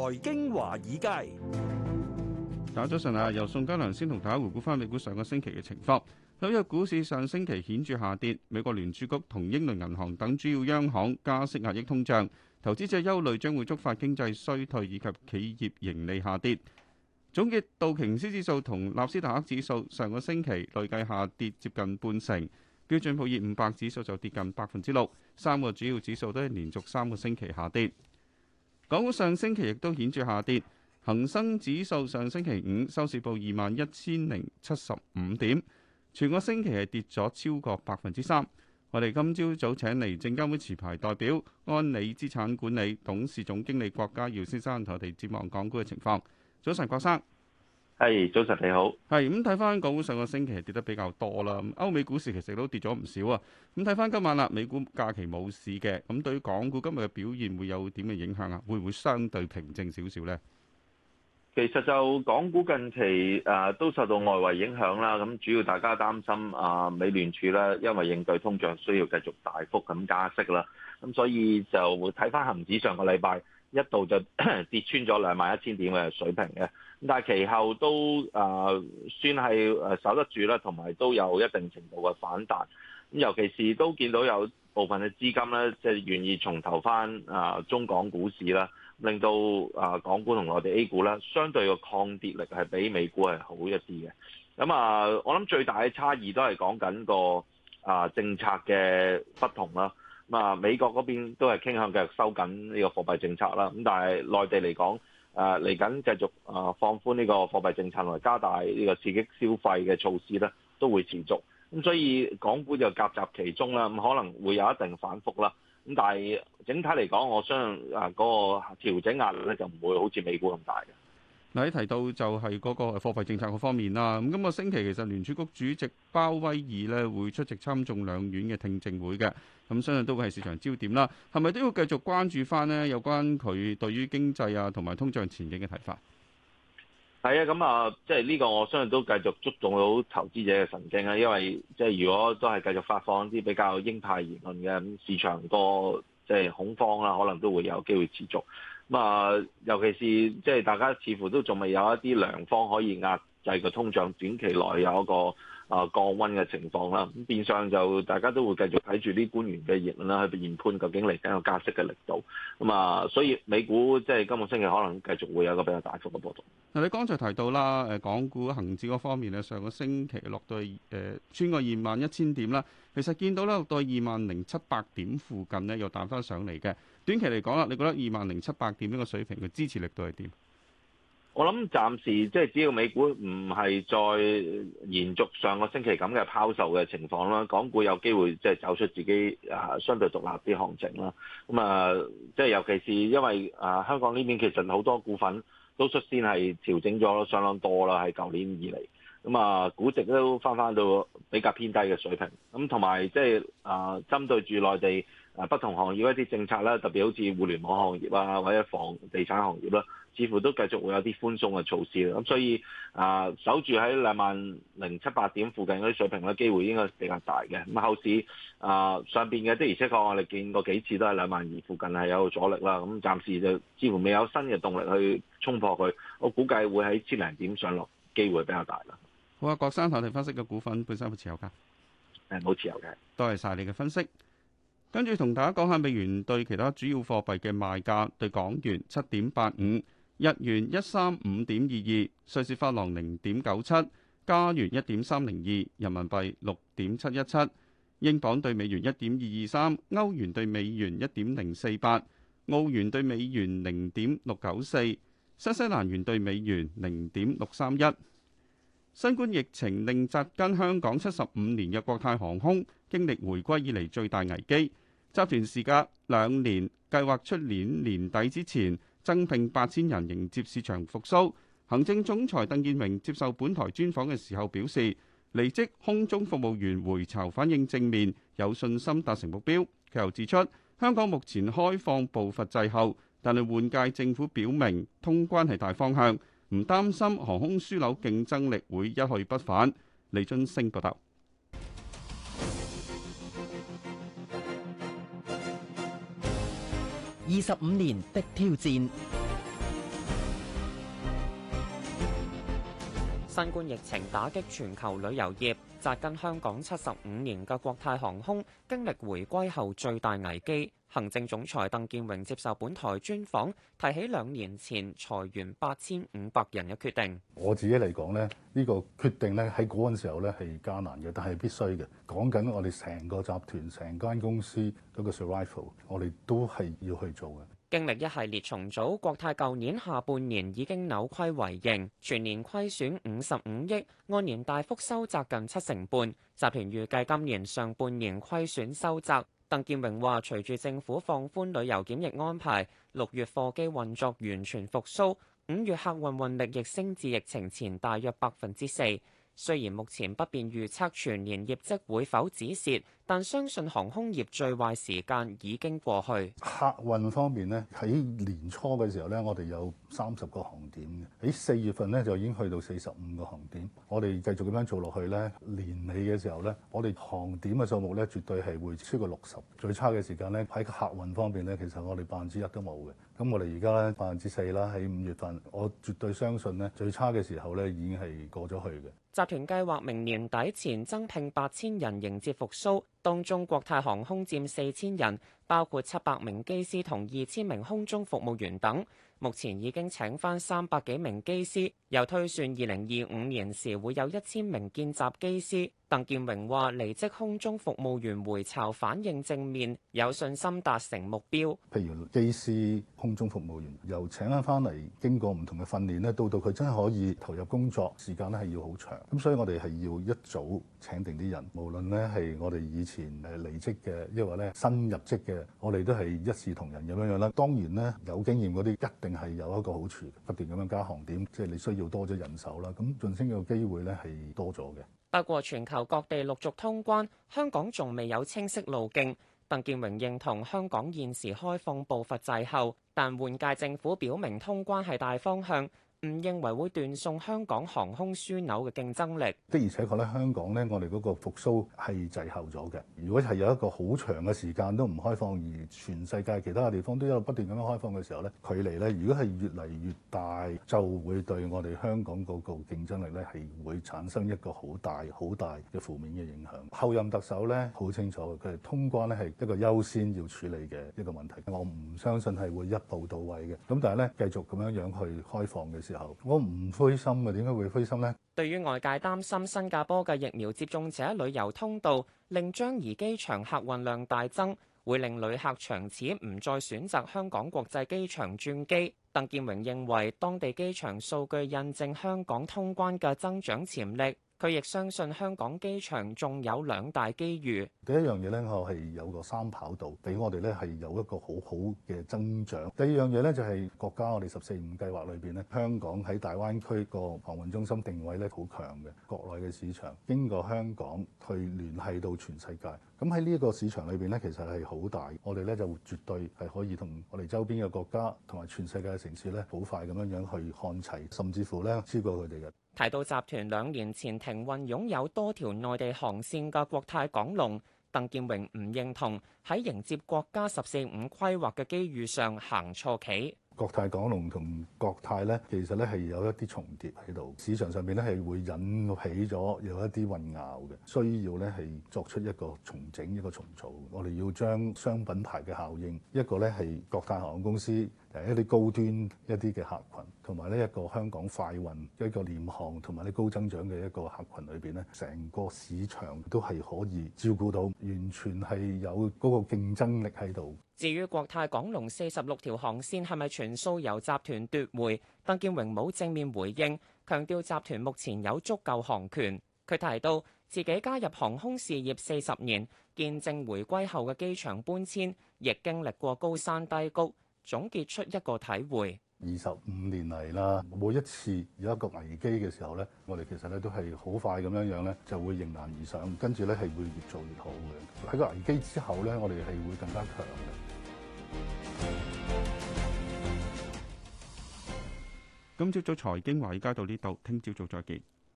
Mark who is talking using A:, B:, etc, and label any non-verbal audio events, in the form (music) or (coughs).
A: 財經華爾街，大家早晨啊！由宋嘉良先同大家回顧翻美股上個星期嘅情況。紐約股市上星期顯著下跌，美國聯儲局同英倫銀行等主要央行加息壓抑通脹，投資者憂慮將會觸發經濟衰退以及企業盈利下跌。總結，道瓊斯指數同納斯達克指數上個星期累計下跌接近半成，標準普爾五百指數就跌近百分之六，三個主要指數都係連續三個星期下跌。港股上星期亦都顯著下跌，恒生指數上星期五收市報二萬一千零七十五點，全個星期係跌咗超過百分之三。我哋今朝早，早請嚟證監會持牌代表安理資產管理董事總經理郭家耀先生，同我哋展望港股嘅情況。早晨，郭生。係、hey，早晨你好。係，咁睇翻港股上個星期跌得比較多啦。歐美股市其實都跌咗唔少啊。咁睇翻今晚啦，美股假期冇市嘅，咁對於港股今日嘅表現會有點嘅影響啊？會唔會相對平靜少少呢？
B: 其實就港股近期誒都受到外圍影響啦。咁主要大家擔心啊，美聯儲咧因為應對通脹需要繼續大幅咁加息啦。咁所以就會睇翻恒指上個禮拜，一度就 (coughs) 跌穿咗兩萬一千點嘅水平嘅，但係其後都啊算係守得住啦，同埋都有一定程度嘅反彈。咁尤其是都見到有部分嘅資金咧，即係願意重投翻啊中港股市啦，令到啊港股同內地 A 股咧，相對嘅抗跌力係比美股係好一啲嘅。咁啊，我諗最大嘅差異都係講緊個啊政策嘅不同啦。咁啊，美國嗰邊都係傾向繼續收緊呢個貨幣政策啦，咁但係內地嚟講，誒嚟緊繼續誒放寬呢個貨幣政策同加大呢個刺激消費嘅措施咧，都會持續。咁所以港股就夾雜其中啦，咁可能會有一定反覆啦。咁但係整體嚟講，我相信誒嗰個調整壓力咧就唔會好似美股咁大嘅。
A: 嗱，提到就係嗰個貨幣政策嗰方面啦。咁今個星期其實聯儲局主席鮑威爾呢會出席參眾兩院嘅聽證會嘅，咁相信都會係市場焦點啦。係咪都要繼續關注翻呢有關佢對於經濟啊同埋通脹前景嘅睇法？
B: 係啊，咁啊，即係呢個我相信都繼續觸動到投資者嘅神經啦。因為即係如果都係繼續發放一啲比較鷹派言論嘅，咁市場個。即係恐慌啦，可能都會有機會持續。咁啊，尤其是即係大家似乎都仲未有一啲良方可以壓。就係、是、個通脹短期內有一個啊降溫嘅情況啦，咁變相就大家都會繼續睇住啲官員嘅言論啦，去研判究，究竟嚟緊有加息嘅力度。咁啊，所以美股即係今個星期可能繼續會有一個比較大幅嘅波動。
A: 嗱，你剛才提到啦，誒，港股恆指嗰方面咧，上個星期落到誒、呃、穿過二萬一千點啦，其實見到咧落到二萬零七百點附近呢，又彈翻上嚟嘅。短期嚟講啦，你覺得二萬零七百點呢個水平嘅支持力度係點？
B: 我諗暫時即係只要美股唔係再延續上個星期咁嘅拋售嘅情況啦，港股有機會即係走出自己啊相對獨立啲行情啦。咁啊，即係尤其是因為香港呢邊其實好多股份都率先係調整咗相當多啦，喺舊年以嚟。咁啊，估值都翻翻到比較偏低嘅水平。咁同埋即係啊，針對住內地不同行業一啲政策啦，特別好似互聯網行業啊或者房地產行業啦。似乎都繼續會有啲寬鬆嘅措施。咁所以啊、呃，守住喺兩萬零七八點附近嗰啲水平嘅機會應該比較大嘅。咁後市啊、呃、上面嘅，的而且確我哋見過幾次都係兩萬二附近係有阻力啦。咁暫時就似乎未有新嘅動力去衝破佢，我估計會喺千零點上落機會比較大啦。
A: 好啊，郭生，我哋分析嘅股份，本身有冇持有㗎？誒冇持有嘅，多謝晒你嘅分析。跟住同大家講下美元對其他主要貨幣嘅賣價，對港元七點八五。日元一三五點二二，瑞士法郎零點九七，加元一點三零二，人民幣六點七一七，英鎊對美元一點二二三，歐元對美元一點零四八，澳元對美元零點六九四，新西蘭元對美元零點六三一。新冠疫情令扎根香港七十五年嘅國泰航空經歷回歸以嚟最大危機，集團時隔兩年計劃出年年底之前。增聘八千人迎接市場復甦。行政總裁鄧健榮接受本台專訪嘅時候表示，離職空中服務員回巢反應正面，有信心達成目標。佢又指出，香港目前開放步伐滯後，但係換屆政府表明通關係大方向，唔擔心航空樞紐競爭力會一去不返。李津升報道。
C: 二十五年的挑戰新冠疫情打擊全球旅遊業，紮根香港七十五年嘅國泰航空經歷回歸後最大危機。行政總裁鄧建榮接受本台專訪，提起兩年前裁員八千五百人嘅決定。
D: 我自己嚟講咧，呢、呢個決定咧喺嗰陣時候咧係艱難嘅，但係必須嘅。講緊我哋成個集團、成間公司一個 survival，我哋都係要去做嘅。
C: 經歷一系列重組，國泰舊年下半年已經扭虧為盈，全年虧損五十五億，按年大幅收窄近七成半。集團預計今年上半年虧損收窄。鄧建榮話：隨住政府放寬旅遊檢疫安排，六月貨機運作完全復甦，五月客運運力亦升至疫情前，前大約百分之四。雖然目前不便預測全年業績會否止蝕。但相信航空業最壞時間已經過去。
D: 客運方面呢，喺年初嘅時候呢，我哋有三十個航點嘅。喺四月份呢，就已經去到四十五個航點，我哋繼續咁樣做落去呢，年尾嘅時候呢，我哋航點嘅數目呢絕對係會超過六十。最差嘅時間呢，喺客運方面呢，其實我哋百分之一都冇嘅。咁我哋而家呢，百分之四啦，喺五月份，我絕對相信呢，最差嘅時候呢已經係過咗去嘅。
C: 集團計劃明年底前增聘八千人，迎接復甦。當中，國泰航空佔四千人，包括七百名機師同二千名空中服務員等。目前已經請翻三百幾名機師，又推算二零二五年時會有一千名見習機師。鄧建榮話：離職空中服務員回巢反應正面，有信心達成目標。
D: 譬如機師、空中服務員，由請啊翻嚟，經過唔同嘅訓練咧，到到佢真係可以投入工作，時間咧係要好長。咁所以我哋係要一早請定啲人，無論呢係我哋以前誒離職嘅，亦或咧新入職嘅，我哋都係一視同仁咁樣樣啦。當然呢，有經驗嗰啲一定。係有一個好處，不斷咁樣加航點，即係你需要多咗人手啦。咁晉升嘅機會呢係多咗嘅。
C: 不過全球各地陸續通關，香港仲未有清晰路徑，鄧建榮認同香港現時開放步伐滯後，但換屆政府表明通關係大方向。唔認為會斷送香港航空樞紐嘅競爭力。
D: 的而且確咧，香港咧，我哋嗰個復甦係滯後咗嘅。如果係有一個好長嘅時間都唔開放，而全世界其他嘅地方都有不斷咁樣開放嘅時候咧，距離咧，如果係越嚟越大，就會對我哋香港嗰個競爭力咧係會產生一個好大好大嘅負面嘅影響。後任特首咧好清楚，佢係通關咧係一個優先要處理嘅一個問題。我唔相信係會一步到位嘅。咁但係咧，繼續咁樣樣去開放嘅。我唔灰心啊！點解會灰心呢？
C: 對於外界擔心新加坡嘅疫苗接種者旅遊通道令樟宜機場客運量大增，會令旅客長此唔再選擇香港國際機場轉機，鄧建榮認為當地機場數據印證香港通關嘅增長潛力。佢亦相信香港機場仲有兩大機遇。
D: 第一樣嘢咧，我係有個三跑道，俾我哋咧係有一個好好嘅增長。第二樣嘢咧，就係國家我哋十四五計劃裏邊咧，香港喺大灣區個航運中心定位咧好強嘅國內嘅市場，經過香港去聯繫到全世界。咁喺呢一個市場裏邊咧，其實係好大。我哋咧就絕對係可以同我哋周邊嘅國家同埋全世界嘅城市咧，好快咁樣樣去看齊，甚至乎咧超過佢哋嘅。
C: 提到集團兩年前停運擁有多條內地航線嘅國泰港龍，鄧健榮唔認同喺迎接國家十四五規劃嘅機遇上行錯棋。
D: 國泰港龍同國泰呢，其實呢係有一啲重疊喺度，市場上面呢係會引起咗有一啲混淆嘅，需要呢係作出一個重整一個重組。我哋要將商品牌嘅效應，一個呢係國泰航空公司。誒一啲高端一啲嘅客群，同埋呢一個香港快運一個廉航，同埋啲高增長嘅一個客群裏邊咧，成個市場都係可以照顧到，完全係有嗰個競爭力喺度。
C: 至於國泰港龍四十六條航線係咪全數由集團奪回？鄧建榮冇正面回應，強調集團目前有足夠航權。佢提到自己加入航空事業四十年，見證回歸後嘅機場搬遷亦經歷過高山低谷。總結出一個體會，
D: 二十五年嚟啦，每一次有一個危機嘅時候咧，我哋其實咧都係好快咁樣樣咧，就會迎難而上，跟住咧係會越做越好嘅。喺個危機之後咧，我哋係會更加強嘅。今
A: 朝早財經華爾街到呢度，聽朝早再見。